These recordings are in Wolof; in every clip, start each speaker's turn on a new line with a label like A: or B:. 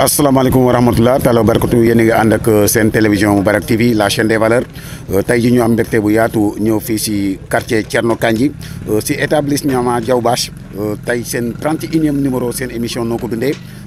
A: Assalamualaikum warahmatullahi taala barakatu yéen a ngi ànd ak seen TV la chaîne des valeurs tey ji ñu am mbégte bu yaatu si quartier Thierno Kandji si établissement Diaw Bache tey seen 31e numéro émission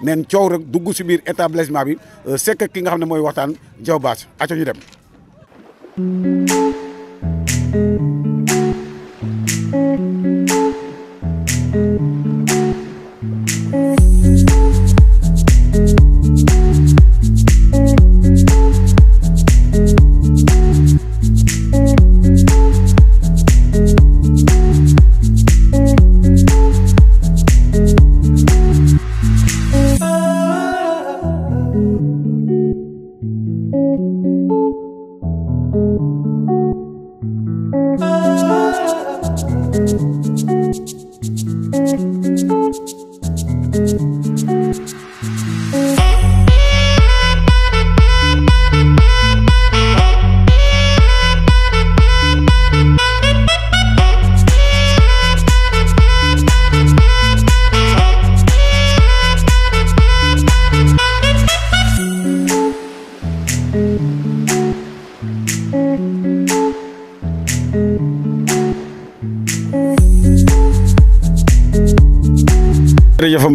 A: nen ciow rek duggu ci biir établissement bi euh, sekk ki nga xam moy waxtan jaw Diaw Bass aco ñu dem thank you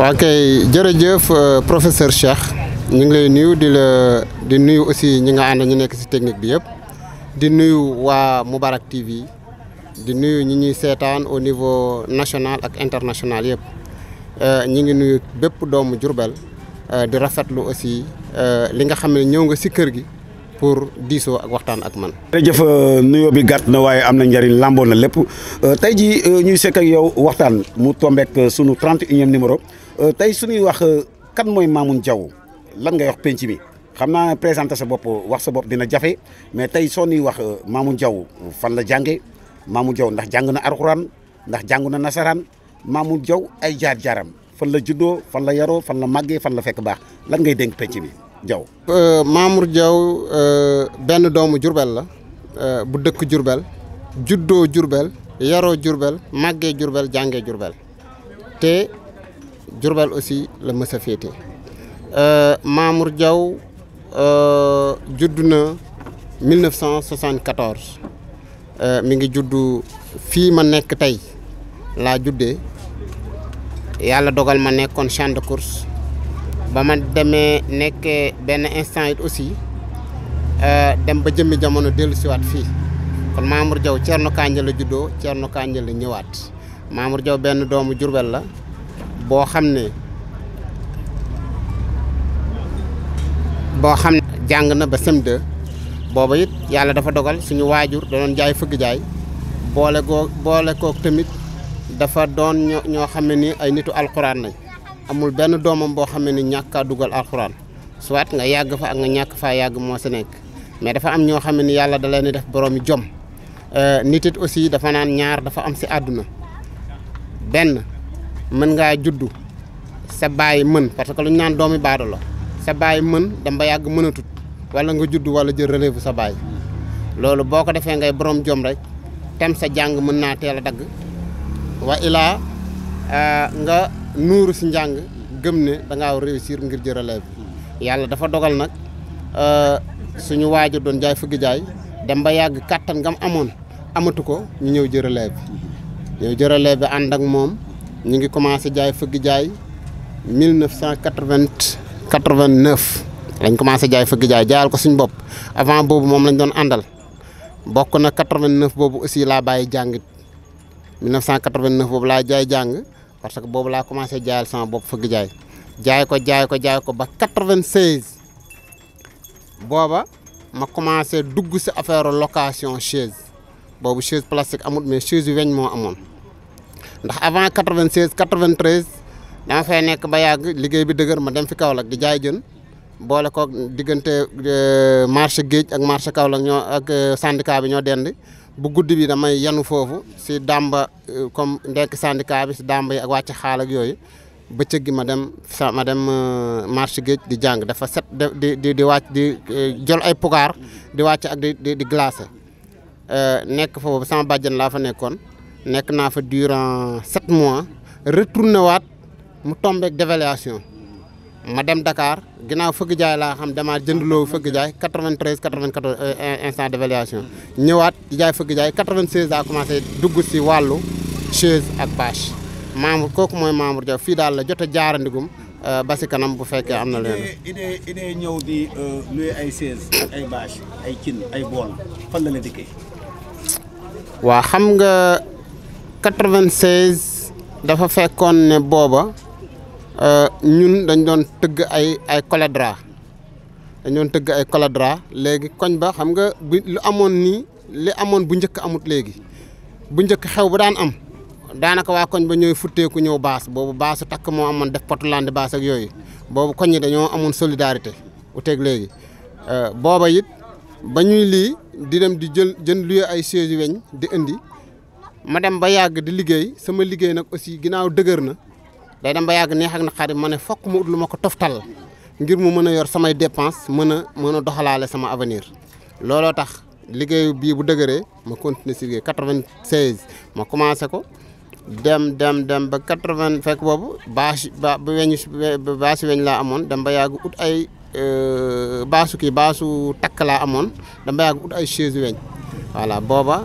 B: waa kay jërëjëf euh, professeur Cheikh ñu ngi lay nuyu di la di nuyu aussi ñi nga and ñi nekk ci technique bi yëpp di nuyu wa mubarak TV di nuyu ñi ñuy sétane au niveau national ak international yëpp euh, ñi ngi nuyu bépp doomu Jurbel euh, di rafetlu aussi li nga xamné ñew nga ci kër gi pour diso ak waxtaan ak man.
A: jërëjëf nuyu bi gatt na waaye amna ñariñ lambo na lépp tay ji ñuy sék ak yow waxtaan mu ak sunu 31e numéro. Euh, tey su ñuy wax euh, kan mooy Mamoune Diaw lan ngay wax penc mi xam naa présenter sa bopp wax sa bopp dina jafe mais tey soo ñuy wax euh, Mamoune Diaw fan la jàngee maamu jaw ndax jàng na alxuraan ndax jàng na nasaraan Mamoune jaw ay jaar-jaaram fan la juddoo fan la yaroo fan la màggee fan la fekk baax lan ngay dénk penc mi
B: Diaw. Mamour Diaw benn doomu Jurbel la bu dëkk Jurbel juddoo Jurbel yaroo Jurbel màggee Jurbel jàngee Jurbel Jurbal aussi la mësa fété euh Mamour Diaw euh na 1974 euh, mi ngi juddu fi ma nek tay la juddé yalla dogal ma nekkon champ de course ba ma démé nek ben instant aussi euh dem ba jëmmi jamono ci wat fi kon Mamour Diaw Thierno Kandji la juddoo Thierno Kandji la ñëwaat Mamour Diaw ben doomu Jurbel la boo xam ne boo xam ne jàng na ba sem2 booba it yàlla dafa dogal suñu waajur da doon jaay fëgg jaay boole goo boole kook tamit dafa doon ñoo xam ne ni ay nitu alxuraan lañ amul benn doomam boo xam ne ni ñàkk a dugal alxuraan soit nga yàgg fa ak nga ñàkk faa yàgg moo si nekk mais dafa am ñoo xam ne ni yàlla da leen di def boroomi jom euh, nit it aussi dafa naan ñaar dafa am si àdduna benn man nga juddu sa baye man parce que lu ñaan doomi baado la sa baye man dem ba yàgg mënatut wala nga juddu wala jël relève sa baye lolu boko defé ngay borom jom rek tem sa jang mën na teel dag wa ila euh, nga nuru si jang gëm ne da nga réussir ngir jël relève yalla dafa dogal euh suñu waji doon jaay fugu jaay dem ba yag katan gam amon amatu ko ñu ñew jël relève jël relève ñu ngi commencé jaay fëgg jaay mille neuf cent quatre-vingt-neuf lañ commencé jaay fëgg jaay jaayal ko suñ bopp avant boobu moom lañ doon àndal bokk na 89 boobu aussi laa bàyyi jàng 1989 boobu laa jaay jàng parce que boobu laa commencé jaayal sama bopp fëgg jaay jaay ko jaay ko jaay ko ba 96 booba ma commencé dugg si affaire location chaise boobu chaise plastique amut mais chaise yu weñ moo amoon. ndax avant 96 93 dama fay nek ba yag liggéey bi deuguer ma dem fi kaolak di jaay jeun bolé ko digënté euh, marché geej ak marché kaolak ño ak euh, syndicat bi ño dënd bu gudd bi damay yanu fofu si Damba euh, comme ndek syndicat bi ci damba ak wacc xaal ak yoy beccëg gi ma dem ma dem marché geej di jang dafa set di di di wacc di jël ay pugar di wacc ak di di di euh nek fofu sama badjan la fa nekkone nekk naa fa durant 7 mois retourné wat mu ak dévaluation ma dem Dakar ginaaw fëgg jaay la xam damaa jëndloo fëgg jaay 93 94 euh, euh, instant dévaluation ñëwaat di jaay fëgg jaay 96 daa commencé dugg ci wàllu chaise ak bâche Mamour kooku moy Mamour Diaw fi dal la jotta jaarandigum euh, ba si kanam bu fekke amna na leen
A: idée idée ñëw di luy ay chaise ay bâche ay kin ay bol fan la la dikkee
B: waa xam nga 96 dafa fekkoon ne booba euh, ñun dañ doon tëgg ay ay coladra dañ tëgg ay coladra léegi koñ ba xam nga lu amoon nii li amoon bu njëkk amut léegi bu njëkk xew bu daan am daanaka waa koñ ba ñooy futteeku ñëw baas boobu baasu takk moo amoon def potulandi baas ak yooyu boobu koñ yi dañoo amoon solidarité uteeg léegi euh, booba it ba ñuy lii di dem di jël jën luye ay siège weñ di indi ma dem ba yàgg di liggéey sama liggéey nag aussi ginnaaw dëgër na day dem ba yàgg neex ak naqari ma ne fokk ma ut lu ma ko toftal ngir mu mën a yor samay dépense mën a mën a doxalaale sama avenir looloo tax liggéey bii bu dëgëree ma continuer si liggéey 96 ma commencé ko dem dem dem ba vingt fekk boobu bâche ba ba weñu bâche weñ laa amoon dem ba yàgg ut ay euh, bâche kii baasu takk laa amoon dam ba yàgg ut ay chaise weñ voilà booba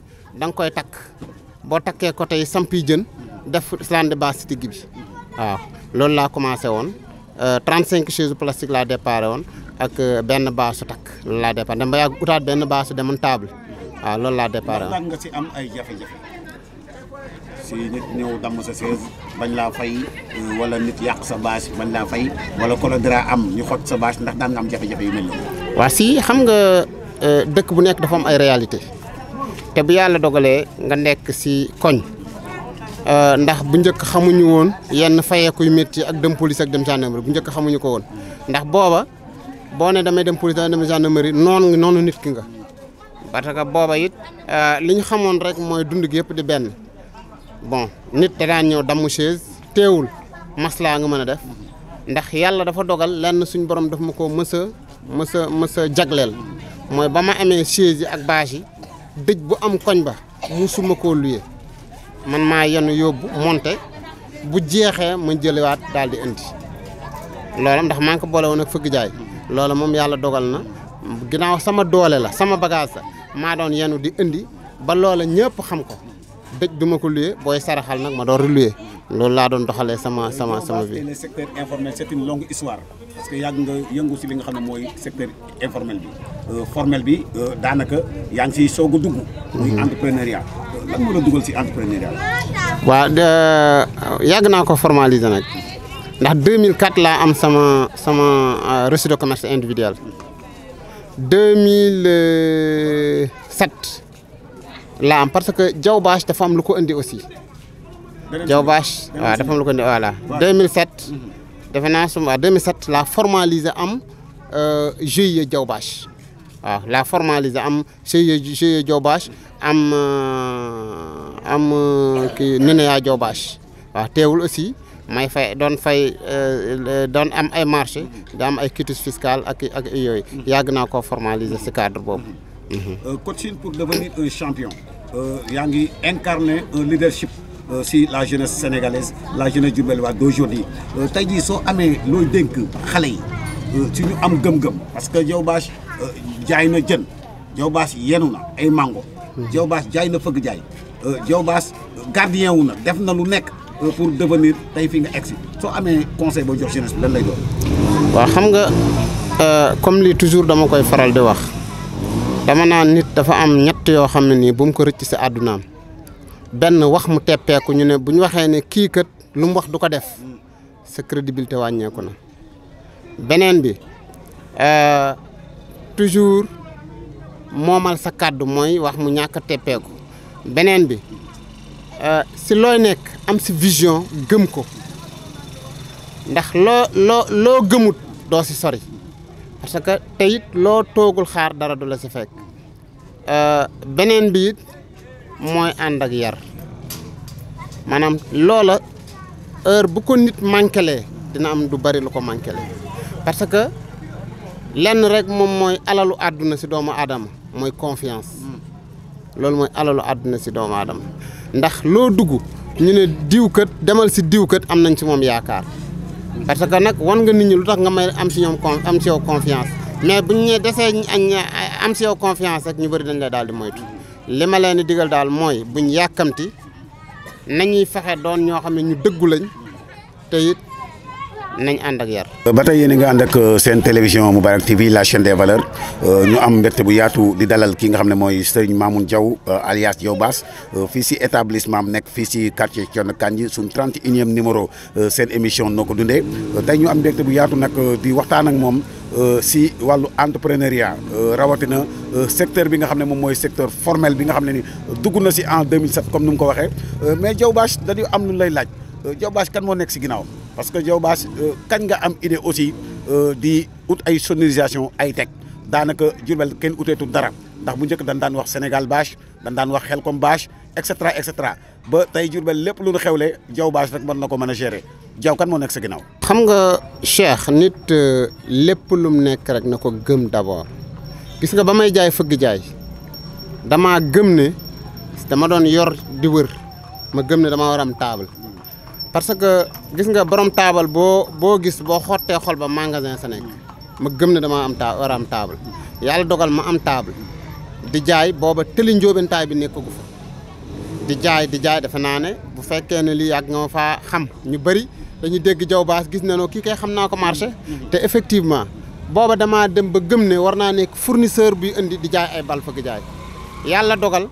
B: da nga koy takk boo takkee côté yi sampi jën def slande base si digg bi waaw loolu laa commencé woon euh, cinq chaise plastiques laa déparé woon ak euh, benn su takk loolu laa déparé dama yàgg utaat benn baasu démontable waaw loolu laa déparé woon.
A: nga si am ay jafe-jafe si nit ñëw damm sa chaise bañ laa fay euh, wala nit yàq sa bâche bañ laa fay wala colodra am ñu xot sa bâche ndax daan nga am jafe-jafe yu mel noonu.
B: waa si xam nga dëkk bu nekk dafa am ay réalité te bu yàlla dogalee nga nekk si koñ euh, ndax bu njëkk xamuñu woon yenn fayeekuy métti ak dem police ak dem gendarmerie bu njëkk xamuñu ko woon ndax booba boo ne damay dem police damay dem gendarmerie noonu noonu nit ki nga parce que booba it euh, li ñu xamoon rek mooy dund gi yëpp di benn bon nit da daan ñëw damm chaise teewul maslaa nga mën a def ndax yàlla dafa dogal lenn suñ borom daf ma ko mës a mës jagleel mooy ba ma amee chaise ak bâche yi dëj bu am koñ ba musuma koo luye man maa yenu yóbbu monte bu jeexee ma jëliwaat daal di indi loola ndax maa ngi ko boole woon ak fëgg jaay loola moom yàlla dogal na ginnaaw sama doole la sama bagage la maa doon yenu di indi ba loola ñëpp xam ko dëj du ko luyee boy saraxal nak ma do a lool la doon doxalee sama sama sama vie. le secteur informel
A: c'est une longue histoire parce que yag nga yëngu ci li nga xamné moy secteur informel bi euh, formel bi euh, daanaka yaa yang siy soog dugg. muy mhm. entrepreneuriat euh, lan mo la duggal si entrepreneuriat.
B: de yag na ko formaliser nak ndax 2004 la am sama sama reçu de commerce individuel 2007. la am parce que jaw bâche dafa am lu ko indi aussi. jaw bâche waaw dafa am lu ko indi voilà. 2007. Mhm. defe naa suma 2007 la formaliser am euh, GIE jaw bâche waaw la formaliser am GIE GIE jaw bâche am euh, am euh, ki Nenea jaw bâche waaw teewul aussi. may fay doon fay doon am ay marché da am ay quitus fiscal ak ak yooyu mhm. yàgg naa koo formaliser si cadre boobu mhm. Euh,
A: mhm. coaching pour devenir un champion euh, Yangi Yangi un leadership euh, si la jeunesse sénégalaise la jeunesse du du d'aujourd'hui tey dit soo amee Tu dénk am gum parce que Diaw jaay na jeun ay mango mhm. na gardien pour devenir tay fi nga exit conseil
B: comme toujours dama koy faral de dama naan nit dafa am ñett yoo xam ne nii bu mu ko rëcc si àddunaam benn wax mu teppeeku ñu ne bu ñu waxee ne kii kat lu mu wax du ko def sa crédibilité wàññeeku na beneen bi euh, toujours moomal sa kàddu mooy wax mu ñàkk teppeeku beneen bi euh, si looy nekk am si vision gëm ko ndax loo loo loo gëmut doo si sori parce que te lo togul xaar dara du la fek euh benen bi moy and ak yar manam lola heure bu ko nit mankelé dina am du bari lu ko mankelé parce que lenn rek mom moy alalu aduna ci doomu adam moy confiance loolu moy alalu aduna ci doomu adam ndax lo duggu ñu ne diiw kat demal si diiw kat am nañ ci mom yaakar parce que nag wan nga nit ñi lu tax nga may am si ñoom con am si yow confiance mais bu ñu desee am si yow confiance rek ñu bëri dañ lay daal di moytu li ma leen di digal daal mooy buñ yàkkamti nañuy fexe doon ñoo xam ne ñu dëggu lañ nañ ànd ak yar.
A: ba tey yéen a ngi ànd ak euh, seen télévision Moubarak TV la chaîne des valeurs euh, ñu am mbégte bu yaatu di dalal ki nga xam ne mooy Serigne Mamoune Diaw euh, alias Diaw Bass fii si établissement am nekk fii si quartier Thioné Kandji suñ 31e numéro seen émission noo ko dundee tey ñu am mbégte bu yaatu nag di waxtaan ak moom. si walu entrepreneuriat rawatina secteur bi nga xam ne moom mooy secteur formel bi nga xam ni dugg na si en 2007 comme ni mu ko waxee mais Diaw Bass dañu am lu lay laaj Diaw Bass kan mo nek si ginnaawam. parce que yow baas euh, kañ nga am idée aussi euh, di ut ay sonorisation ay teg daanaka Jurbel kenn uteetul dara ndax bu njëkk dañ daan wax Sénégal bâche dañ daan wax Xelkom bâche et cetera et cetera ba tey Jurbel lépp lu nu xewle jaw bâche rek na ko mën a gérer jaw kan moo nekk sa ginnaaw.
B: xam nga Cheikh nit euh, lépp lum nekk rek na ko gëm d'abord gis nga ba may jaay fëgg jaay dama gëm ne dama doon yor di wër ma gëm ne dama war am table. parce que gis nga borom taabal boo boo gis boo xottee xol ba magasin sa ma gëm ne dama am ta war a am taabal yàlla dogal ma am taabal di jaay booba tëli njóobentaay bi nekkagu fa di jaay di jaay defe naa ne bu fekkee ne lii yàgg nga ma faa xam ñu bëri dañuy dégg jaw baas gis na noo kii kay xam naa ko marché te effectivement booba damaa dem ba gëm ne war naa nekk fournisseur bi indi di jaay ay bal fëgg jaay yàlla dogal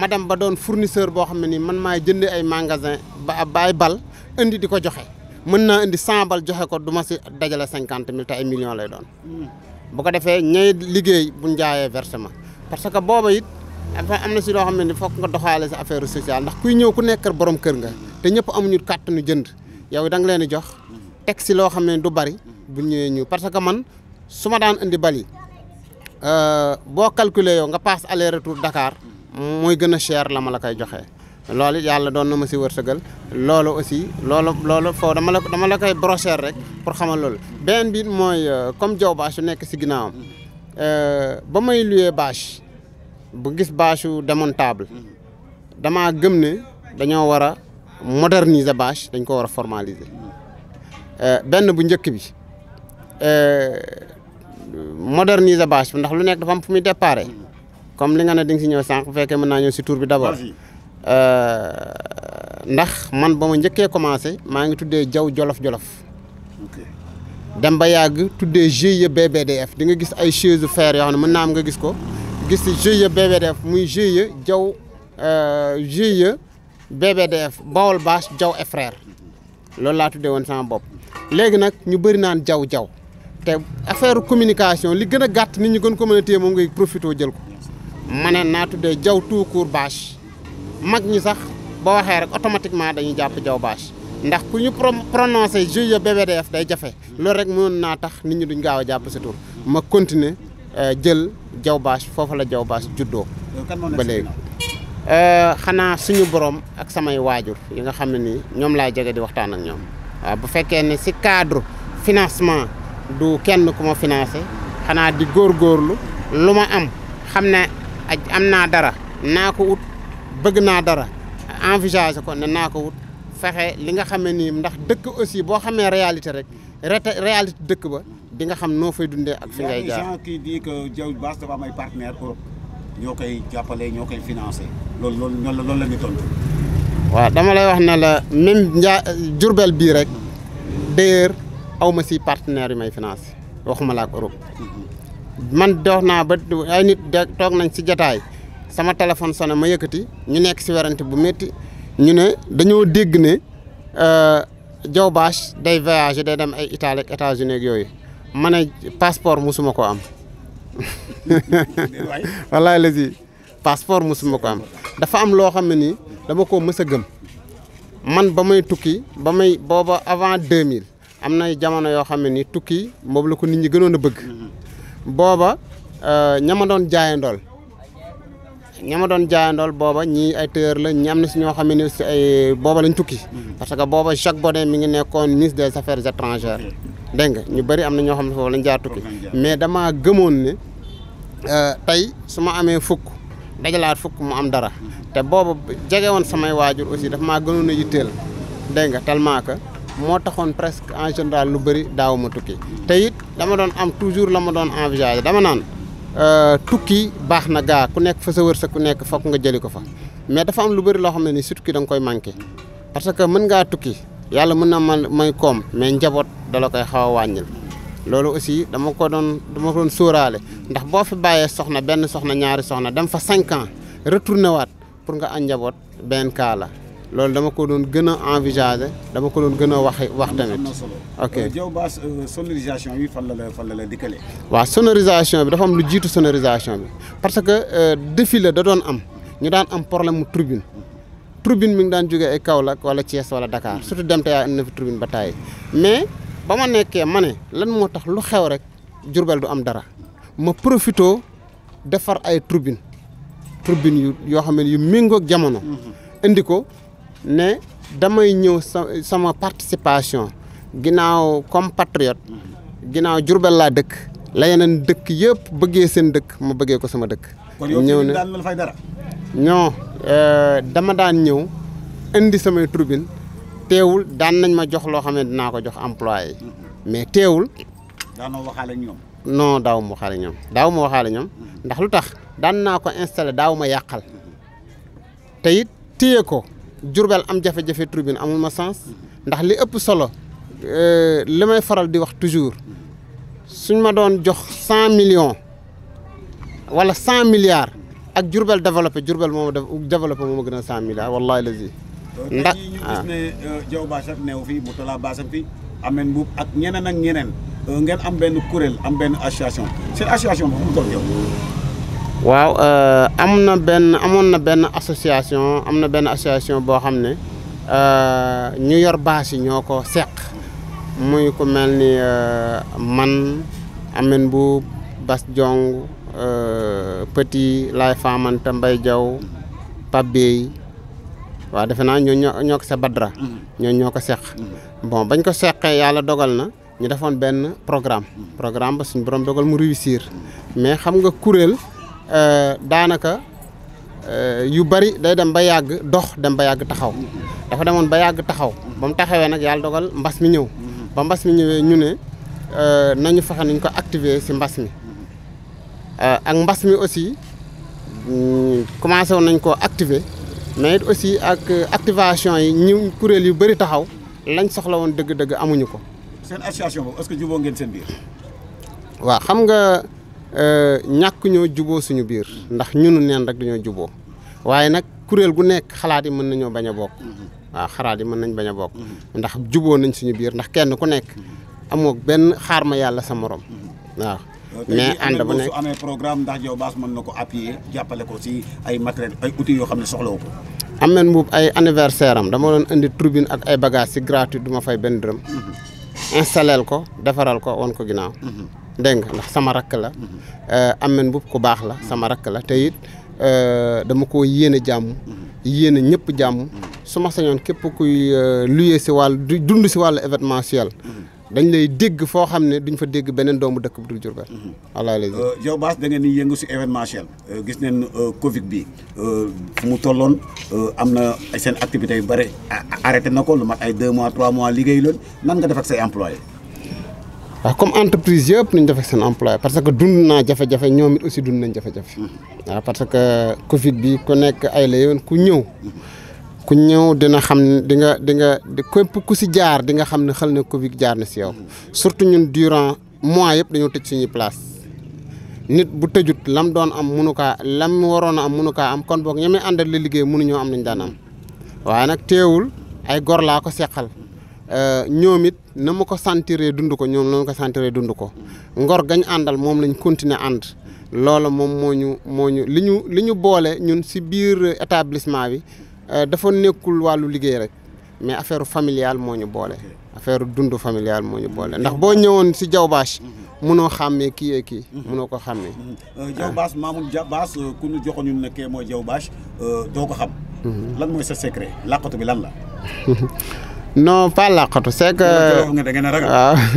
B: ma dem ba doon fournisseur boo xam ne nii man maay jënd ay magasin ba ay bal indi diko joxe mën na indi 100 bal joxe ko duma ci si dajale cinquante mille te ay lay doon. bu ko defé ñay liggéey bu ñu versement parce que booba it amna ci lo loo xam ne nga doxale ci affaire sociale ndax kuy ñew ku nekk borom kër nga te ñëpp amuñu ñu jënd yow da nga leen di jox tek ci lo xam du bari bu ñëwee ñu parce que man suma daan indi bali euh, bo calculer yow nga passe aller retour Dakar moy gëna cher la ma la koy joxee. loolu yàlla doon na ma si wërsëgal loolu aussi loolu loolu foo dama la dama la koy rek pour xamal loolu benn bi mooy euh, comme jow bâche yu nekk si ginnaawam euh, ba may luyee bâche bu gis bâche yu démontable damaa gëm ne dañoo war a moderniser bâche dañ ko war a formaliser euh, benn bu njëkk bi moderniser bâche bi ndax lu nekk dafa am fu muy dépare comme li nga ne di nga si ñëw sànq bu fekkee mën naa ñëw si tour bi d'abord Euh, ndax man ba ma njëkkee commencé maa ngi tuddee jaw jolof jolof dem ba yàgg tuddee GIE BBDF di nga gis ay chaise de fer yoo xam ne mën naa nga gis ko gis GIE BBDF muy GIE jaw euh, GIE BBDF Bawol Bache jaw et frère lool laa tuddee woon sama bopp léegi nag ñu bëri naan jaw jaw te affaire communication li gën a gàtt ni ñu gën ko mën a téye moom ngay profité jël ko ma ne naa tuddee jaw tout court Bache mag ñi sax boo waxee rek automatiquement dañuy jàpp jaw bâche ndax pour ñu prononcer GIE BVDF day jafe loolu rek mënoon naa tax nit ñi duñ gaaw a jàpp sa tur ma continuer euh, jël jaw bâche foofu la jaw bâche juddoo ba léegi euh, xanaa suñu borom ak samay waajur yi nga xam ne nii ñoom laay jege di waxtaan ak ñoom bu fekkee ne si cadre financement du kenn ku ma financé xanaa di góor góorlu lu ma am xam ne am naa dara naa ko ut bëgg naa dara envisager ko ne naa ko wut fexe li nga xamee nii ndax dëkk aussi boo xamee réalité rek réalité dëkk ba di nga xam noo fay dundee ak fi ngay jaar
A: gens qui dit que Diaw Basse dafa am ay partenaire Europe ñoo koy jàppale ñoo koy financé loolu loolu loolu la ñu tontu
B: waaw dama lay wax ne la même njaa Jurbel bii rek d'ailleurs aw ma si partenaire yu may financé waxuma laa ak Europe mm-hmm. man dox naa ba ay nit toog nañ si jataay sama téléphone sone ma yëkkati ñu nekk si werante bu métti ñu ne dañoo dégg ne Diaw euh, Bache day voyager day dem ay Italie ak États-Unis yooyu ma ne passeport musuma ko am wallaay la si passeport musuma ko am dafa am loo xam ne nii dama koo mës a gëm man ba may tukki ba may booba avant 2000 am na jamono yoo xam ne nii tukki boobu la ko nit ñi gënoon a bëgg mm-hmm. booba euh, ñama doon jaayandool ña ma doon jaayandool booba ñi ay tailleur la ñi am na si ñoo xam ne si ay booba lañ tukki. Mm-hmm. parce que booba Jacques Bonnet mu ngi nekkoon ministre des affaires étrangères. Mm-hmm. dégg nga ñu bëri am na ñoo xam ne foofu lañ mais damaa gëmoon ne euh, tey su ma amee fukk dajalaat fukk mu am dara mm-hmm. te booba jege woon samay waajur aussi dafa maa gënoon a yitteel dégg nga tellement que moo taxoon presque en général lu bëri daaw ma tukki te it dama doon am toujours la ma doon envisager dama naan. Euh, tukki baax na gaa ku nekk fa sa wërsëg ku nekk foog nga jëli ko fa mais dafa am lu bëri loo xam ne ni si tukki danga koy manqué parce que mën ngaa tukki yàlla mën na man may koom mais njaboot dala koy xaw a wàññil loolu aussi dama ko doon dama ko doon sóoraale ndax boo fi bàyyee soxna benn soxna ñaari soxna dem fa cinq ans retourné waat pour nga am njaboot benn kaa la loolu dama ko doon gën a envisager dama ko doon gën a wax wax tamit. ok euh,
A: Diaw Ba euh, sonorisation bi fan la la fan la la dikkalee.
B: waaw sonorisation bi dafa am lu jiitu sonorisation bi parce que euh, défilé da doon am ñu daan am problème mu tribune tribune mi ngi daan jógee ay Kaolack wala Thiès wala dakaar surtout dem te yaa am na fi tribune ba tàyyi mais ba ma nekkee ma ne lan moo tax lu xew rek Jurbel du am dara ma profito defar ay tribune tribune yu yoo xam ne yu méngoog jamono mm-hmm. indi ko. ne damay ñëw sa sama participation ginnaaw comme patriote ginnaaw Jurbel laa dëkk la yeneen dëkk yëpp bëggee seen dëkk ma bëggee ko sama dëkk. ñëw ne daan fay dara. non euh, dama daan ñëw indi samay tribune teewul daan nañ ma jox loo xam ne dinaa ko jox emploiye yi mais teewul. daanoo waxaale ñoom. non daaw ma waxaale ñoom daaw ma waxaale ñoom mm-hmm. ndax lu tax daan naa ko installer daaw ma yàqal te it téye ko. Jurbel am jafe-jafe tribune amul ma sens ndax li ëpp solo euh, li may faral di wax toujours suñ ma doon jox cent million walla cent milliards ak Jurbel développé Jurbel moo ma développé moo ma gën a cent milliards wallahi lazi euh, ndax ñu ah. gis ne
A: euh, Diaw fii Moutala Bassam fii ameen buub ak ñeneen ak ñeneen ngeen am benn kuréel am benn association seen association boobu mu toll yow
B: waaw euh, am na benn amoon na benn association am na benn association boo xam ne euh, ñu yor bâche yi ñoo ko seq muy ku mel ni euh, man amen bu bas jong petit laay faamanta mbay jaw pabbey waaw defe naa ñoo ñoo ko sa badra mm-hmm. ñoo ñoo ko seq mm-hmm. bon bañ ko seqee yàlla dogal na ñu defoon benn programme mm-hmm. programme ba suñ borom dogal mu réussir mais xam nga kuréel Euh, daanaka euh, yu bari day dem ba yàgg dox dem ba yàgg taxaw dafa demoon ba yàgg taxaw ba mu taxawee nag yàlla dogal mbas mi ñëw ba mbas mi ñëwee ñu ne euh, nañu fexe nañ ko activer si mbas mi ak mbas mi aussi hmm, commencé woon nañ ko activer mais it aussi ak activation yi ñu kuréel yu bari taxaw lañ soxla woon dëgg-dëgg amuñu ko.
A: seen association boobu est-ce que juboo ngeen seen biir.
B: xam nga. Euh, ñàkk juboo suñu biir ndax ñunu neen rek dañoo juboo waaye nag kuréel gu nekk xalaat yi mën nañoo bañ a bokk waaw xalaat yi mën nañ bañ a bokk ndax juboo nañ suñu biir ndax kenn ku nekk amoo benn xaar ma yàlla sa morom waaw euh, mais ànd bu nekk su
A: amee programme ndax yow mën na ko appuyer jàppale ko si ay matériel ay outils yoo xam ne soxlawu ko.
B: Ameth Mboup ay anniversaire am dama doon indi tribune ak ay bagages si gratuit duma fay benn dërëm. Mhm. installeel ko defaral ko won ko ginnaaw. Mhm. dégg ndax sama rakk la mhm. euh, amen bu ku baax la sama rakk la te it euh, dama ko yéene jàmm mhm. yéene ñëpp jàmm mhm. su ma sañoon képp kuy euh, luyee si wàll wàllu dund si wàllu événementiel dañ lay dégg foo xam ne duñ fa dégg beneen doomu dëkk bu dul Diourbel wallaahi léegi yow Bass da di yëngu si événementiel gis neen Covid bi fu
A: mu tolloon am na seen activité yu bare arrêté na ko lu mat ay deux mois trois mois liggéey loolu nan nga def ak say employé
B: waaw comme entreprise yëpp ñu def ak sen employé parce que dund na jafe-jafe ñoom it aussi dund nañ jafe-jafe waaw parce que Covid bi ku nekk ay la yoon ku ñew ku ñew dina xam ne di nga di nga képp ku ci jaar di nga xam ne xel Covid jaar na ci yow surtout ñun durant mois yëpp dañoo tëj suñuy place nit bu tejut lam doon am munu ka lam warona am munu ka am kon ñame andal li la liggéey ñu am nañ daan am waaye teewul ay gor la ko Euh, ñoom it na ma ko sentiree dund ko ñoom la ma ko sentiree dund ko ngor gañ àndal moom lañ continuer ànd loola moom moo ñu moo ñu li ñu li ñu boole ñun si biir établissement bi euh, dafa nekkul wàllu liggéey rek mais affaire familiale moo ñu boole affaire dund familiale moo ñu boole ndax boo ñëwoon si jawbaas munoo xàmmee kii yee kii mënoo ko xàmmee
A: euh, jawbaas maamul jawbaas ku ñu joxoon ñun ne kee mooy jawbaas doo ko xam mhm. lan mooy sa secret làqatu lan la
B: non pas làqatu c'est que waaw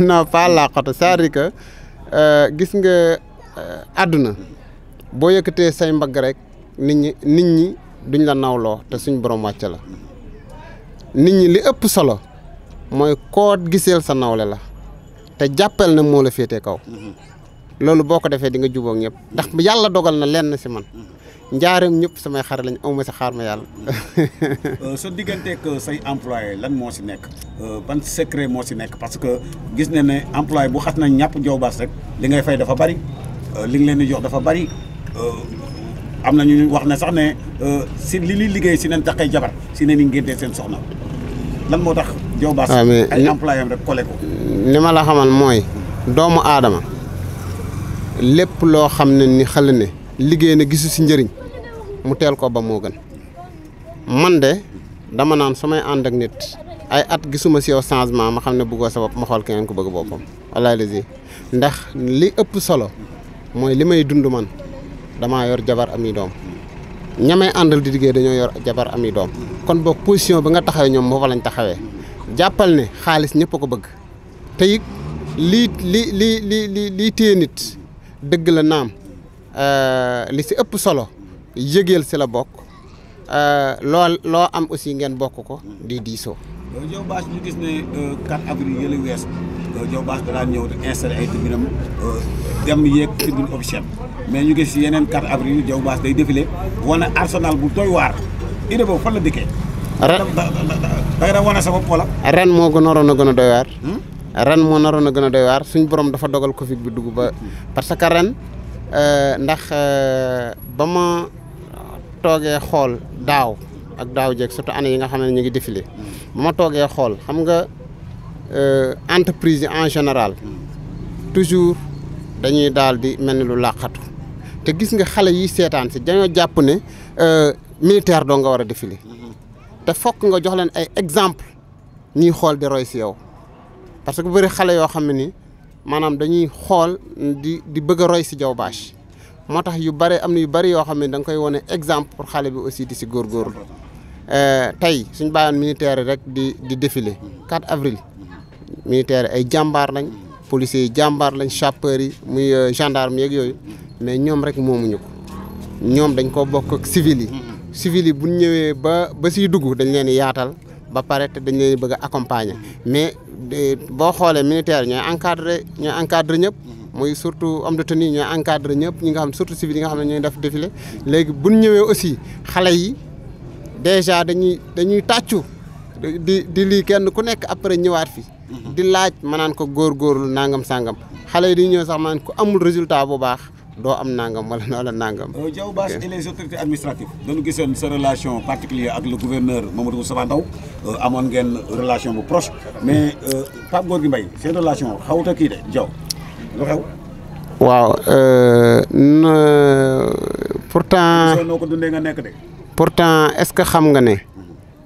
B: non pas làqatu c'est-à-dire euh, gis nga euh, àdduna boo yëkkatee say mbagg rek nit ñi nit ñi duñ la nawloo te suñ borom wàcc la nit ñi li ëpp solo mooy koo giseel sa nawle la te jàppal na moo la féetee kaw mm-hmm. loolu boo ko defee di nga jubóog ñëpp ndax yàlla dogal na lenn si man mm-hmm. ndiarum ñep sama xar lañ xar ma yalla
A: euh so digante sa euh, say employé lan ci nek euh ban secret mo ci nek parce que gis na né employé bu xas nañ ñàpp joobaas rek li ngay fay dafa bari euh, li ngi leen di jox dafa bari euh, am na ñu wax ne sax euh si li li liggéey si nañ taxay jabar si nañ i seen soxna lan mo tax joobaas ah, ay employé am rek kolé ko
B: li ma la xamal moy doomu adama lepp lo xam ni xal ne liggéey na gisu ci njëriñ mu teel ko ba mu gën man de dama naan su may ànd nit ay at gisuma si yow changement ma xam ne bëggoo sa bopp ma xool keneen ko bëgg boppam wallaahi lazi ndax li ëpp solo mooy li may dund man dama yor jabar am ami doom ñamay àndal di liggéey dañoo yor jabar ami doom kon boog position bi nga taxawee ñoom boofa lañ taxawee jàppal ne xaalis ñëpp ko bëgg te it lii li lii li li lii téye nit dëgg la naam euh, li si ëpp solo yëgeel si la bokk euh, lool loo am aussi ngeen bokk ko di diisoo.
A: Diaw Bass ñu gis ne 4 euh, avril yële weesu Diaw Bass da daan ñëw di ay tribunam euh, dem yéeg tribune officielle mais ñu gis yeneen 4 avril Diaw Bass day défilé wane arsenal bu doy waar idée boobu la dikkee. ren da da da
B: ren moo gën a waroon a gën a doy hmm? moo naroon a gën a doy waar suñ borom dafa dogal Covid bi dugg ba hmm. parce que ren ndax ba toogee xool daaw ak daaw jeeg surtout année yi nga xam ne ñu ngi défilé mm. ba ma toogee xool xam nga euh, entreprise yi en général mm. toujours dañuy daal di mel ni lu làqatu te gis nga xale yi seetaan si dañoo jàpp ne euh, militaire doo nga war a défilé mm-hmm. te fokk nga jox leen ay exemple ñuy xool di roy si yow parce que bu bëri xale yoo xam ne ni maanaam dañuy xool di di bëgg a roy si jaw Bache motax yu bari amna yu bari yo xamni dang koy woné exemple pour xalé bi aussi di gor euh tay suñ bàyyoon militaire rek di di défilé 4 avril militaire ay jambar lañ policiers yi jàmbaar lañ chapeur yi muy euh, gendarme yeeg yoy mais ñom rek moomuñu ko ñom dañ ko bokk ak civil yi civil yi bu ñëwé ba ba ci dugg dañ leen yaatal ba paré té dañ leen bëgg accompagner mais bo xolé militaire ñooy encadrer ñooy encadrer ñëpp mooy surtout homme de tenue ñooy encadré ñëpp ñi nga xam surtout civil yi nga xam ne ñooy def défilé léegi buñ ñëwee aussi xale yi déjà dañuy dañuy tàccu di di lii kenn ku nekk après ñëwaat fi mhm. di laaj manaan ko góor góorgóorlu nangam sàngam xale yi di ñëw sax man ko amul résultat bu baax doo am nangam wala wala nangam. Euh, Diaw Bass e les
A: autorités administratives. dañu giseen sa relation particulière ak le gouverneur Mamadou Moustapha Ndaw euh, amoon ngeen relation bu proche mais euh, Pape Gorgui Mbaye seen relation xawuta kii de
B: waaw euh, pourtant. soo
A: ko dundee nga nekk de.
B: pourtant est-ce que xam nga ne.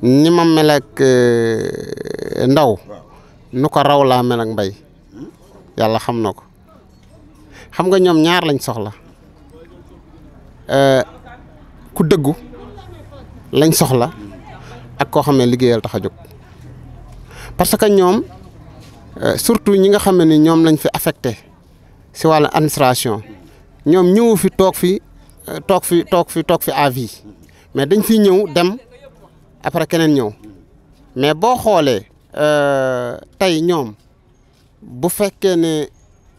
B: ni ma mel ak euh, ndaw. nu ko raw laa mel ak mbay. Hmm? yàlla xam na ko xam nga ñoom ñaar lañ soxla euh, ku dëggu lañ soxla ak koo xam ne liggéeyal tax a jóg parce que ñoom. Euh, surtout ñi nga xam ne ni ñoom lañ fi affecté si wàllu administration ñoom ñëwu fi toog fi euh, toog fi toog fi toog fi à vie mais dañ fi ñëw dem après keneen ñëw mais boo xoolee euh, tey ñoom bu fekkee ne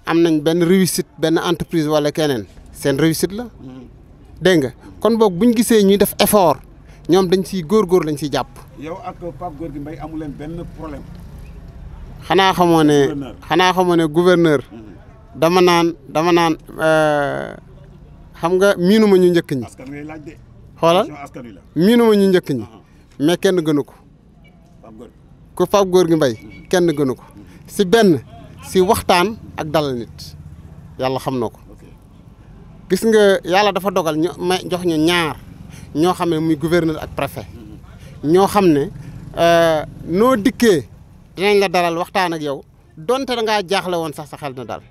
B: am nañ benn réussite benn entreprise wala keneen seen réussite la dégg nga kon boog buñ gisee ñuy def effort ñoom dañ siy góor lañ siy jàpp.
A: yow ak Pape Gorgui Mbaye amu leen benn problème.
B: xanaa xamoo ne xamoo ne gouverneur mm-hmm. dama naan dama naan euh, xam nga miinu ma ñu njëkk ñi xoolal miinu ma ñu njëkk ñi uh-huh. mais kenn gënu ko ku góor Gorgui mbay mm-hmm. kenn gënu ko mm-hmm. si benn si waxtaan ak dalal nit yàlla xam na ko gis nga yàlla dafa dogal ñu may jox ñu ñaar ñoo xam ne muy gouverneur ak préfet ñoo xam ne euh, noo dikkee dinañ la dalal waxtaan ak yow donte da ngaa jaaxle woon sax sa xel na dal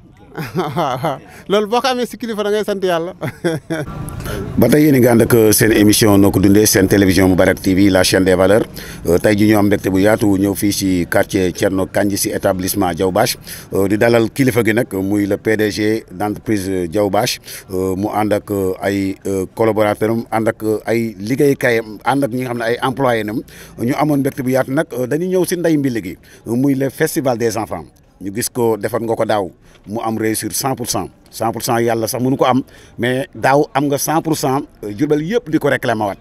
B: waaw boo ko amee si kilifa da ngay sant yàlla.
A: ba tey yéen a ngi ànd euh, émission noo ko dundee seen télévision Mubarak TV la chaîne des valeurs euh, tey ji ñu am mbégte bu yaatu ñëw fii si quartier Thierno Kandji si établissement Diaw Bache euh, di dalal kilifa gi nag muy le PDG d'entreprise entreprise Diaw Bache mu ànd ak ay collaborateur am ànd ak ay liggéeykaayam ànd ak ñi nga xam ne ay employé nam ñu amoon mbégte bu yaatu nag dañuy ñëw si nday mbill gi muy le festival des enfants ñu gis ko defar nga ko daaw mu am réussir cent pour cent cent pour cent yàlla sax mënu ko am mais daaw am nga cent pour cent euh, Jurbel yëpp di ko réclamé waat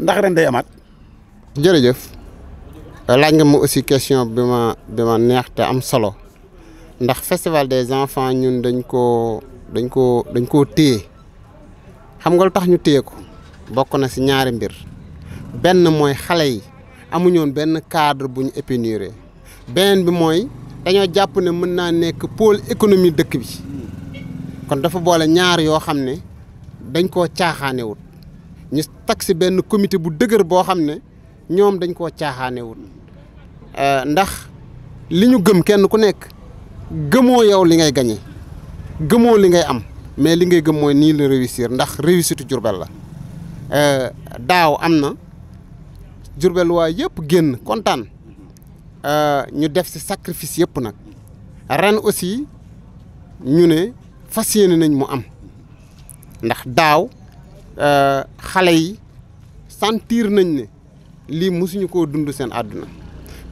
B: ndax ren day amaat. jërëjëf euh, laaj nga mu aussi question bi ma bi neex te am solo ndax festival des enfants ñun dañ koo dañ koo dañ koo téye xam nga lu tax ñu téye ko bokk na si ñaari mbir benn mooy xale yi amuñoon benn cadre bu ñu épinuré beneen bi mooy. dañu japp ne mën na nek pôle économie dëkk bi kon dafa boole ñaar yoo xam ne dañ koo wut ñu taxi si benn comité bu dëgër boo xam ne ñoom dañ koo caaxaanewut euh, ndax li ñu gëm kenn ku nekk gëmoo yow li ngay gagné gëmoo li ngay am mais li ngay gëm mooy nii la réussir ndax réussite Jurbel la euh, daaw am na Jurbel waa yépp génn kontaan Euh, ñu def si sacrifice yëpp nag ren aussi ñu ne fas yéene nañ mu am ndax daaw euh, xale yi sentir nañ ne lii mosuñu koo dund seen àdduna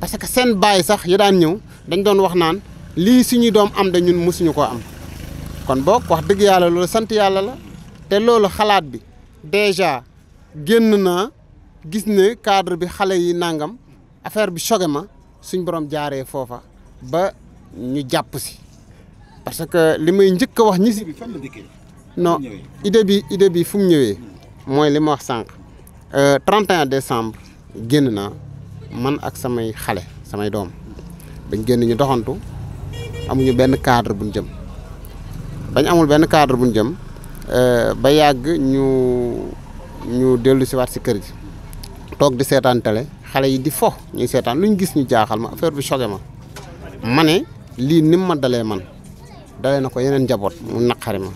B: parce que seen baay sax yi daan ñëw dañ doon wax naan lii suñuy doom am da ñun mosuñu koo am kon boog wax dëgg yàlla loolu sant yàlla la te loolu xalaat bi déjà génn naa gis ne cadre bi xale yi nangam affaire bi choqué ma suñ borom jaaré fofa ba ñu japp ci parce que limay ñëk wax ñi ci non idée bi idée bi fu mu ñëwee mooy li ma wax sànq 31 euh, décembre genn na man ak samay xalé samay dom bañ genn ñu doxantu amuñu benn cadre buñ jëm bañ amul benn cadre buñ jëm euh ba yàgg ñu ñu delu ci wat ci kër gi tok di seetaan télé xale yi di fo ñuy seetaan luñ gis ñu jaaxal ma affaire bi choqué ma ma ne lii ni ma dalee man dalee na ko yeneen njaboot mu naqari ma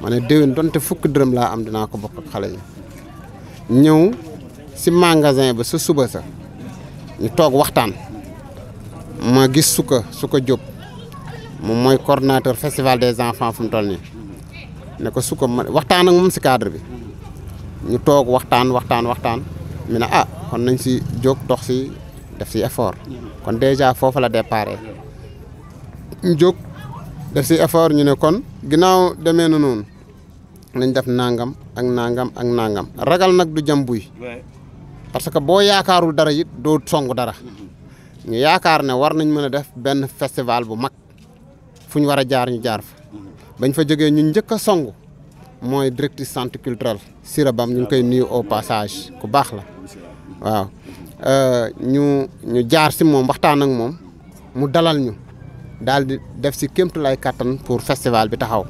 B: ma ne déwén donte fukk dërëm laa am dinaa ko bokk ak xale yi ñëw si magasin ba sa suba sa ñu toog waxtaan ma gis su ko Diop moom mooy coordonnateur festival des enfants fu mu toll nii ne ko Souka ma waxtaan moom si cadre bi ñu toog waxtaan waxtaan waxtaan mi ne ah kon nañ si jóg dox si def si effort kon déjà foofu la déparé ñu jóg def si effort ñu ne kon ginnaaw demee na noonu nañ def nangam ak nangam ak nangam ragal nag du jam buy parce que boo yaakaarul dara it doo songu dara ñu yaakaar ne war nañ mën a def benn festival bu mag fu ñu war a jaar ñu jaar fa bañ fa jógee ñu njëkk a song mooy directrice centre culturel Sira Bam ñu ngi koy nii au passage ku baax la waaw euh, ñu ñu jaar si moom waxtaan ak moom mu dalal ñu daal di def si kéemtulaay kàttan pour festival bi taxaw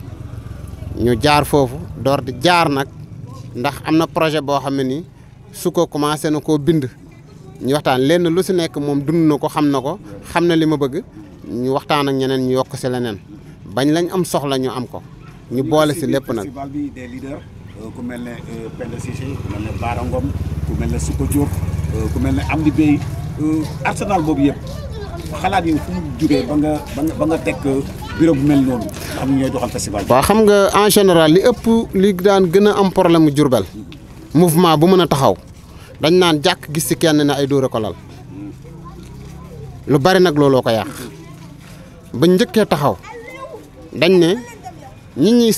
B: ñu jaar foofu door di jaar nag ndax am na projet boo xam ne ni su ko commencé na ko bind ñu waxtaan lenn lu si nekk moom dund na ko xam na ko xam na li ma bëgg ñu waxtaan ak ñeneen ñu yokk si leneen bañ lañ am soxla ñu am ko ñu boole si lépp nag.
A: Eh, ku mel ne eh, Penda ku mel ne ku eh, ku Amdi Bey arsenal boobu yëpp xalaat yi fu mu ba nga ba nga teg bureau bu mel noonu xam ñooy doxal festival
B: bi. xam nga en général li ëpp li daan gën a am problème mu Jurbel mouvement bu mën taxaw dañ naan jàkk gis ci kenn ne ay dóor ko lal lu bari ko ba taxaw dañ ne ñi ñuy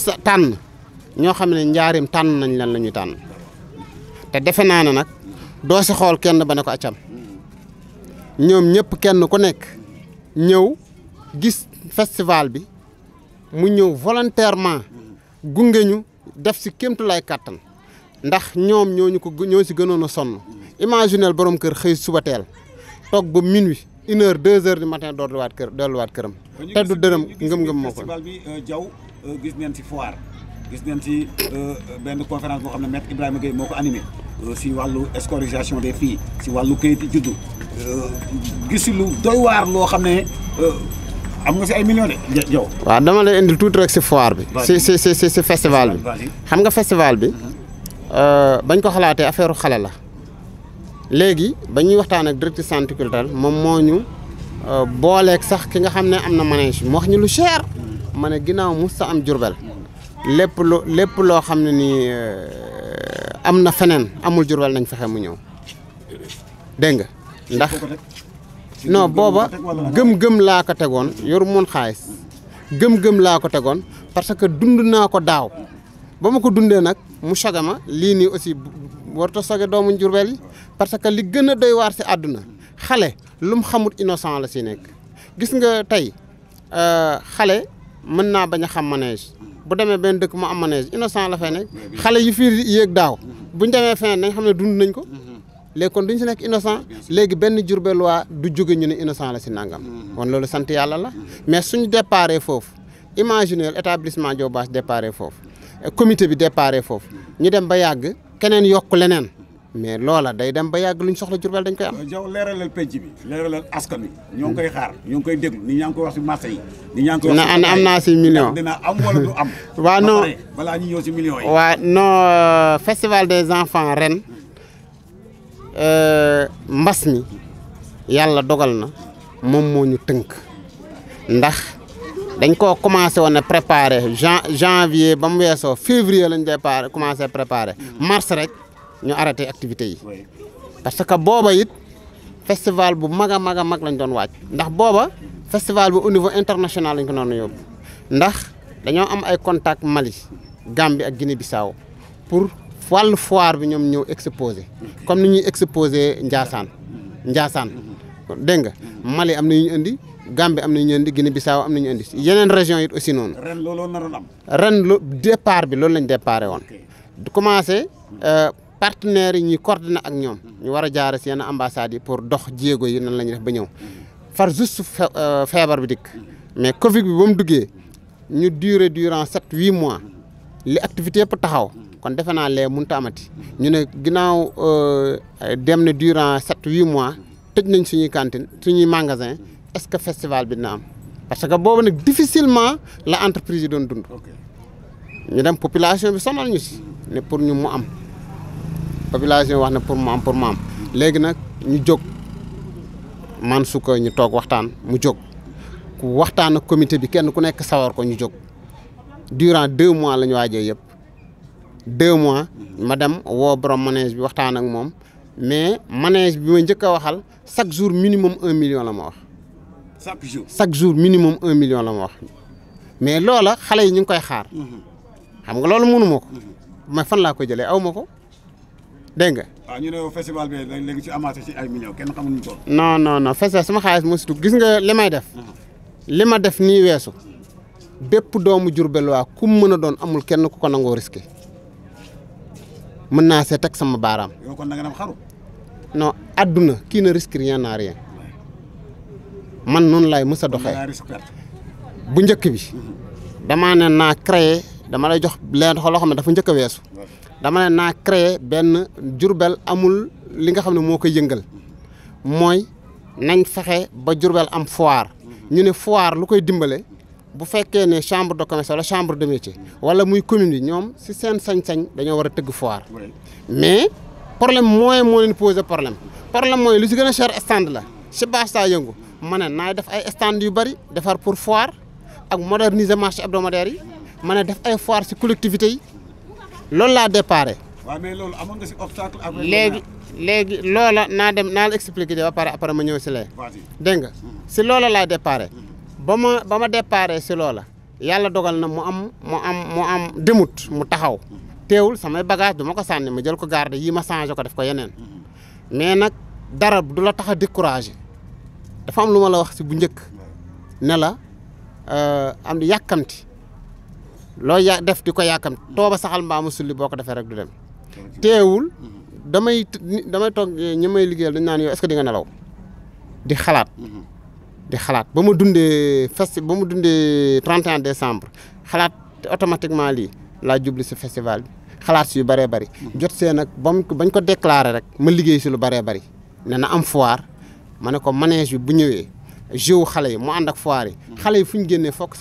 B: ñoo xam ne njaarim tànn nañ leen la ñuy tànn te defe naa ne nag doo si xool kenn ba ne ko acam ñoom ñëpp kenn ku nekk ñëw gis festival bi mu ñëw volontairement gunge ñu def si kéemtulaay kàttan ndax ñoom ñu ko ñoo si gënoon a sonn imaginel borom kër xëy suba teel toog ba minuit une heure deux heures du matin doo luwaat kër delluwaat këram te du dërëm ngëm-ngëm moo ko
A: festival euh, euh, ngeen si foire gis nañ si euh, benn conférence boo xam ne maître Ibrahima Gueye moo ko animé euh, wàllu scolarisation des filles si wàllu këyit juddu euh, gis lu doy waar loo xam ne am nga si ay millions de yow.
B: waaw dama la indil tuuti rek si foire bi. si si si si festival bi. xam nga festival bi mhm. bañ ko xalaatee affaire xale la léegi ba ñuy waxtaan ak direct santé culturelle moom moo ñu booleeg sax ki nga xam ne am na manège mu wax ñu lu cher mhm. ma ne ginnaaw mu sa am Jurbel mhm. lépp lu lépp loo xam ne nii euh, am na feneen amul Jurbel nañ fexe mu ñëw dégg nga ndax non booba gëm-gëm laa ko tegoon yoru moon xaalis gëm-gëm laa ko tegoon parce que dund naa ko daaw ba ma ko dundee nag mu saga ma lii nii aussi warta saga doomu Jurbel yi parce que li gën a doy waar si àdduna xale lu mu xamut innocent la si nekk gis nga tey euh, xale mën naa bañ a xam manège bu demee benn dëkk mu am manège innocent la fay nekk xale yi fii yéeg daaw bu buñ demee feneen nañ xam ne dund nañ ko léegi kon duñ si nekk innocent léegi benn jurbeluwaa du jóge ñu ne innocent la si nangam kon loolu sant yàlla la mais suñ déparé foofu imaginer établissement Diobass déparé foofu comité bi déparé foofu ñu dem ba yàgg keneen yokk leneen mais Lola, day dem ba yag luñ soxla Jurbel dañ koy am.
A: yow leralal penc bi leralal askan bi ñong koy xaar ñong koy ni koy wax si marché yi. ni koy wax na amna dina am wala du
B: am. Wa non
A: ñi a ci millions
B: non euh, festival des enfants ren ni euh, yalla dogal na ndax. dañ commencé on préparer janvier février lañ départ commencé préparer mars rek ñu arrêté activité yi parce que booba it festival bu mag a mag a mag lañ doon waaj ndax booba festival bu au niveau international lañ ko noonu yóbbu ndax dañoo am ay contact Mali Gambie ak Guinée Bissau pour wàllu foire bi ñoom ñëw exposé comme ni ñuy exposé Ndiassane Ndiassane dégg nga Mali am na ñu indi Gambie am na ñu indi Guinée Bissau am na ñu indi yeneen région yi aussi noonu. ren looloo naroon am. ren lu départ bi loolu lañ déparé woon. du commencé euh, partenaires yi ñuy coordonné ak ñoom ñu war a jaare si yenn ambassades yi pour dox jéego yi nan la ñuy def ba ñëw far juste euh, feebar bi dikk mais Covid bi ba mu duggee ñu dure durant sept huit mois li activité yëpp taxaw kon defe naa lee mënut a amati ñu ne ginnaaw euh, dem na durant sept huit mois tëj nañ suñuy cantine suñuy magasin est que festival bi na am parce que boobu nag difficilement la entreprise yi doon dund ñu dem population bi sonal ñu si ne pour ñu mu am population wax ne pour mu am pour léegi nag ñu jóg man su ko ñu toog waxtaan mu jóg ku waxtaan ak comité bi kenn ku nekk sawar ko ñu jóg durant deux mois la ñu waajee yëpp deux mois ma dem woo borom manège bi waxtaan ak moom mais manège bi ma njëkk a waxal chaque jour minimum un million la ma wax. chaque jour chaque jour minimum un million la ma wax mais loola xale yi ñu ngi koy xaar. Mhm. xam nga loolu mënu ma ko. Mhm. mais fan laa ko jëlee aw ma ko. dégg nga.
A: waaw ah, ñu ne festival bi léegi ci si ci ay millions kenn xamuñu tool.
B: non non non festival sama xaalis mosut gis nga li may def. Uh-huh. li ma def nii weesu bépp doomu Jurbel waa ku mu mën a doon amul kenn ku ko nangoo risqué mën naa see teg sama baaraam.
A: yow kon da nga dem xaru.
B: non adduna kii na risque rien à rien man noonu laay mës a doxee bu njëkk bi uh-huh. damaa ne naa créé dama lay jox leen loo xam ne dafa njëkk weesu. dama ne naa créer benn Jurbel amul li nga xam ne moo koy yëngal mooy nañ fexe ba Jurbel am foire ñu ne foire lu koy dimbale bu fekkee ne chambre de commerce wala chambre de métier wala muy commune yi ñoom si seen sañ-sañ dañoo war a tëgg foire mais problème mooy moo leen posé problème problème mooy lu si gën a cher stand la si bâche daa yëngu ma ne naa def ay stand yu bëri defar pour foire ak moderniser marché hebdomadaire yi ma ne def ay foire si yi loolu laa déparé.
A: waaw mais loolu amoon nga si léegi
B: léegi loola naa dem naa la expliqué ba pare après ma ñëw si la dégg nga mm-hmm. si loola laa déparé. ba ma ba ma déparé si loola. yàlla dogal na mu am mu am mu am demut mu taxaw. Mm-hmm. teewul samay bagage du ma ko sànni ma jël ko garde yii ma changé ko def ko yeneen. Mm-hmm. mais nag dara du la tax a découragé. dafa am lu ma la wax si bu njëkk. ne la euh, am di yàkkamti. lo ya def di ko yaakam tooba saxal mbaamu sulli boo ko defee rek du dem teewul damay damay toog eh, ñi may liggéeyal dañ naan yow est-ce que di nga nelaw di xalaat di xalaat ba mu dundee festi ba 31 décembre xalaat automatiquement lii la jubli si festival bi si yu bëree bëri jot see nag bam bañ ko déclaré rek ma liggéey si lu bëree bëri ne na am foire ma ne ko manège bi bu ñëwee jeu xale mu ànd ak foire yi fokk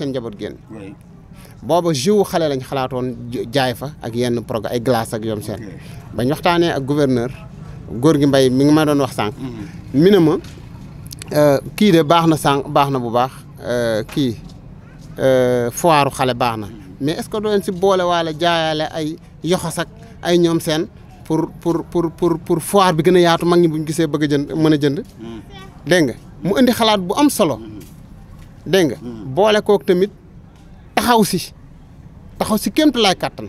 B: booba jiwu xale lañ xalaatoon jaay fa ak yenn programme ay glace ak yom seen bañ waxtaanee ak gouverneur góor gi mbay mi ngi ma doon wax sànq mu mm-hmm. ne ma euh, kii de baax na sànq baax na bu baax euh, kii euh, foiru xale baax na mm-hmm. mais est-ce que doo leen si boole waale jaayaale ay yoxas ak ay ñoom seen pour pour pour pour pour foire bi gën a yaatu mag ñi buñ gisee bëgg a jënd mën a jënd mm-hmm. dégg nga mu indi xalaat bu am solo dégg nga boole kook tamit xaw si taxaw si kémt laay kàttan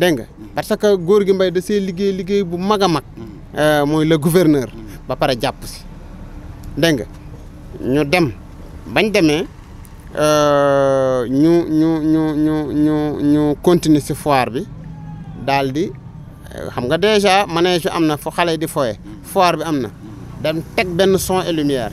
B: dégg nga mm. parce que góor gi mbay da see liggéey liggéey bu mag a mag mm. euh, mooy le gouverneur mm. ba pare jàpp si dégg nga ñu dem bañ demee euh, ñu ñu ñu ñu ñu ñu continuer si foire bi daal di euh, xam nga déjà manège bi am na fu xale yi di foye foire bi am na dem teg benn son et lumière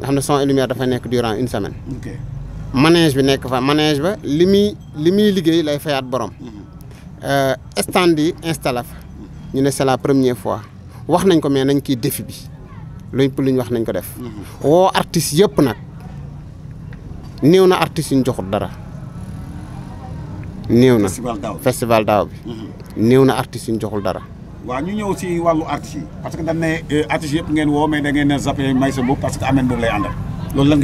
B: Nous son lumière dafa durant une semaine. manège bi nekk fa manège ba li muy li mm-hmm. euh, stand installé c'est la première fois wax nañ ko mais nañ kii défi bi luñ luñ wax nañ ko def. Mm-hmm. artistes yëpp nag néew artistes ñu dara. festival daaw bi mm-hmm. néew artistes ñu
A: waaw ñu ñëw si wàllu artistes yi parce que dañ ne euh, yëpp ngeen woo mais da ngeen a zappé Maysa Mboub parce que Ameth Mboub lay loolu lan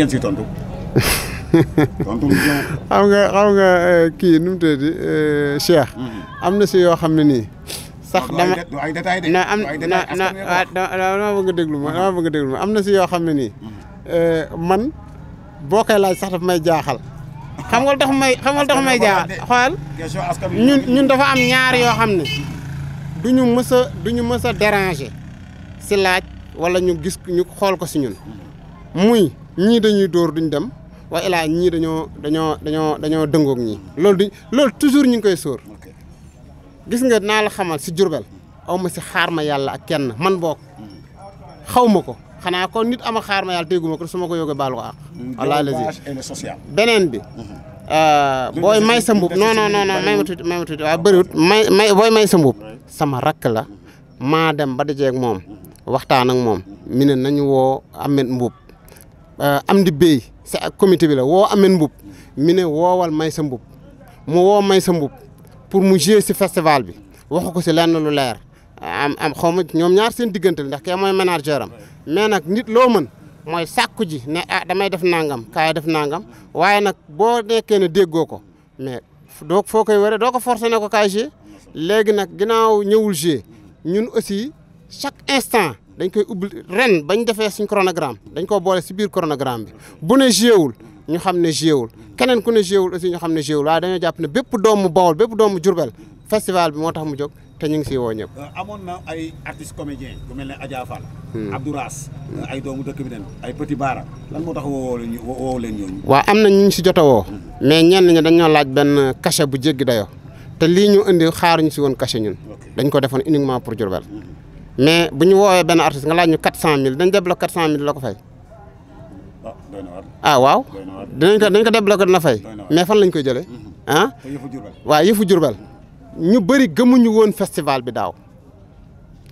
B: nga xam nga euh, kii nu mu tuddati euh, Cheikh. Mm-hmm. am na si yoo xam ne nii. sax dama ay détails de am na na dama bëgg a déglu ma mm-hmm. dama bëgg a déglu ma am na si yoo xam ne nii. Mm-hmm. man boo koy laaj sax daf may jaaxal. xam nga tax may xam nga tax may jaaxal
A: xool ñun ñun dafa am ñaar ah. yoo xam
B: ne. Nous ñu nous a Nous déranger si Nous wala ñu gis ñu xool ko si Nous muy ñii dañuy nous duñ dem nous nous nous toujours ñu koy gis nga que la xamal si ak kenn man hmm. nous kon nit ama nous Euh, booy may sa mbub non non non may ma tuuti may ma tuuti may sa mbub sama rakk la maa dem ba dajeeg moom waxtaan ak moom mi ne nañu woo Ameth Mbub euh, am di béy sa comité bi la woo Ameth Mbub mi ne woowal may sa mbub mu woo may sa mbub pour mu jouer si festival bi waxu ko si lenn lu leer am am xaw ma ñoom ñaar seen diggante ndax kee mooy manager am mais nag nit loo mën mooy sàkku ji ne ah damay def nangam kaay def nangam waaye nag boo nekkee ne déggoo ko mais doo foo koy waree doo ko forcé ne ko kaay G léegi nag ginnaaw ñëwul G ñun aussi chaque instant dañ koy ubbi ren bañ defee suñ chronogramme dañ koo boole si biir chronogramme bi bu ne wul ñu xam ne G wul keneen ku ne G wul aussi ñu xam ne G wul waaye dañoo jàpp ne bépp doomu Bawol bépp doomu Jurbel festival bi moo tax mu jóg. té ñing ci si woo euh,
A: na ay artiste comédien bu melni ne Adja Fall hmm. Abdou Ras hmm. euh, ay doomu dëkk bi nen ay Petit Bara lan mo tax wo leen woo
B: leen ñooñu waaw am ñu ci si wo hmm. mais ñen ñi dañoo laaj ben cachet bu jéggi dayo té li ñu xaar ñu ci won cachet ñun dañ ko defon uniquement pour jurbel mais bu ñu woowee benn artiste nga laaj ñu 400000 dañ déblo 400000 lako fay
A: ah, ah waaw
B: dañ ko dañ ko débloqué dina fay mais fan lañ koy jëlé ah wa yëfu jurbel ñu bari gëmuñu won festival bi daw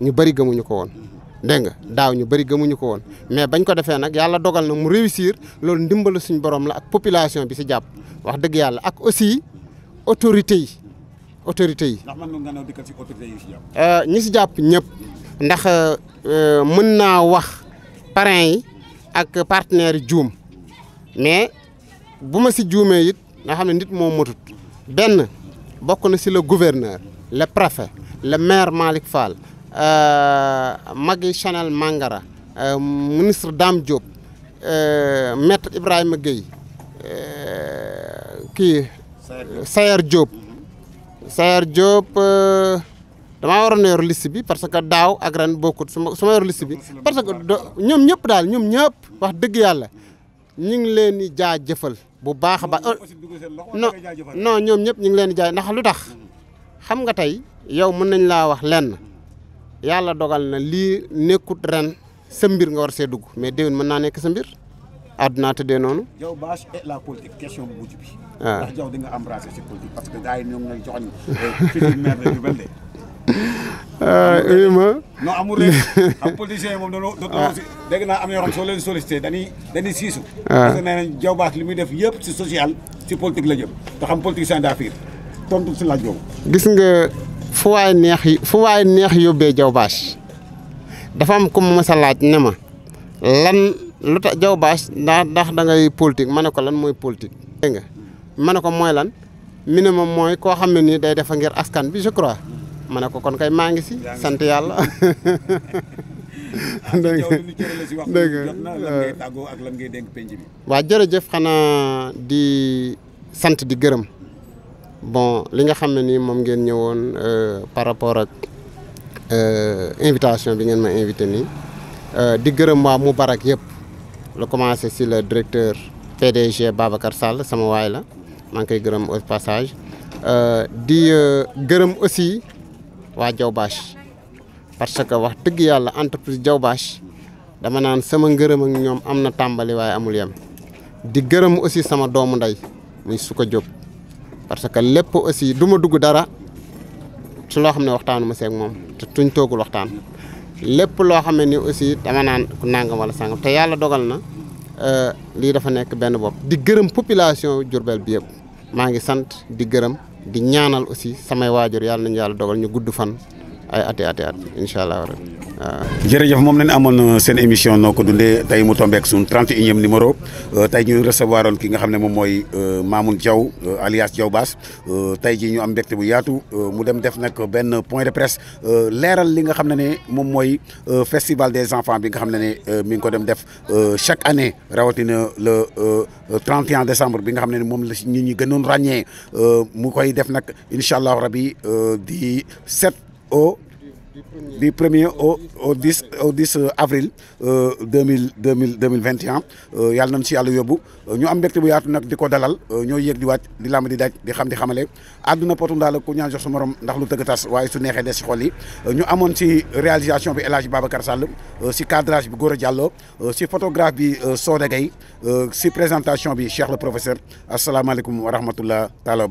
B: ñu bari gëmuñu ko won deng nga daw ñu bari gëmuñu ko won mais bañ ko défé nak yalla dogal na mu réussir loolu ndimbalu suñu borom la ak population bi ci japp wax deug yalla ak aussi autorité yi autorité yi. ndax
A: man nga dikal ci autorité yi ci japp
B: euh ñi ci japp ñep ndax euh, euh mën na wax parrain yi ak partenaire yi mais buma ci si yit nga xamné nit mo motut ben Je connais le gouverneur le préfet le maire Malik Fall euh, Magui Chanel Mangara euh, ministre Dame Diop euh, maître Ibrahim Gueye qui, Sayer Diop Sayer Diop a liste parce que je ak ren beaucoup, de ma parce que nous sommes en train de wax là. bu baax ba euh, non non ñoom ñëpp ñu leen jaay ndax lutax hmm. xam nga tay yow mën nañ la wax lenn yalla dogal na li nekut ren sa mbir nga war sé dugg mais deewen mën na nek sa mbir àdduna tëddee nonu
A: yow baax et la politique question bu mujj bi. Ah. ndax yow di nga embrasser ci politique parce que gaay yi lay ñooy joxoon eh, fii maire de Diourbel Eh, iya, ma non amul leen xam politicien yi moom dañoo dañoo dégg naa am yoo xam soo leen sollicité dañuy dañuy siisu parce muy si social ah. si politique la jëm te xam politicien daa fiir tontu si laaj boobu
B: gis nga fu waay neex fu lan lu tax jaw baax ndax ndax da ngay politique ma ne ko politique minimum mooy koo xam ne nii askan bi je crois mana ne ko kon kay wajar ngi si di sant di gerem, bon li nga xamné ni mom ngeen ñëwoon euh, par rapport ak euh, invitation bi ngeen ma invité euh di gerem waa mubarak, yëpp le commencer si le directeur PDG Babacar Sall sama way la mang kay au passage euh, di gerem aussi wa Diaw parce que wax deug yalla entreprise Diaw dama nan sama ngeureum ak ñom amna tambali way amul yam di geureum aussi sama doomu nday muy suka job parce que lepp aussi duma dugg dara ci lo xamne ne waxtaanu ma seeg moom te tuñ toogul waxtaan lepp lo xamne ni aussi dama nan ku nangam wala sangam te yalla dogal na euh, li dafa nek ben bop di geureum population jurbel bi yeb ma ngi sant di geureum di ñaanal aussi samay waajur yàlla nañu yàlla dogal ñu gudd fan ay ati ati at incha allah waaw. Ah. jërëjëf
A: moom lañ amoon euh, seen émission noo ko dundee tey mu tombeek suñu 31e numéro euh, tey ñu recevoir ki nga xam ne moom mooy euh, Mamoune Diaw alias Diaw Bass tey jii ñu am mbégte bu yaatu mu dem def nag benn point de presse leeral li nga xam ne ne moom mooy festival des enfants bi nga xam ne ne mi ngi ko dem def chaque année rawatina le 31 décembre bi nga xam ne ne moom la nit ñi gënoon ràññee mu koy def nag incha allah rabi di 7 au du au, 10 au 10 euh, avril 2000 euh, 2021 euh, yàlla nañ ci yàlla yóbbu ñu am mbégte bu yaatu nak la dalal ñoo yéeg di wàcc di lamb di daj di xam di xamalé ci réalisation bi Elhadji Babacar Sall ci cadrage bi Gourdiallo Diallo ci photographe bi Soda Gaye ci présentation bi Cheikh le professeur alaykum wa rahmatullah taala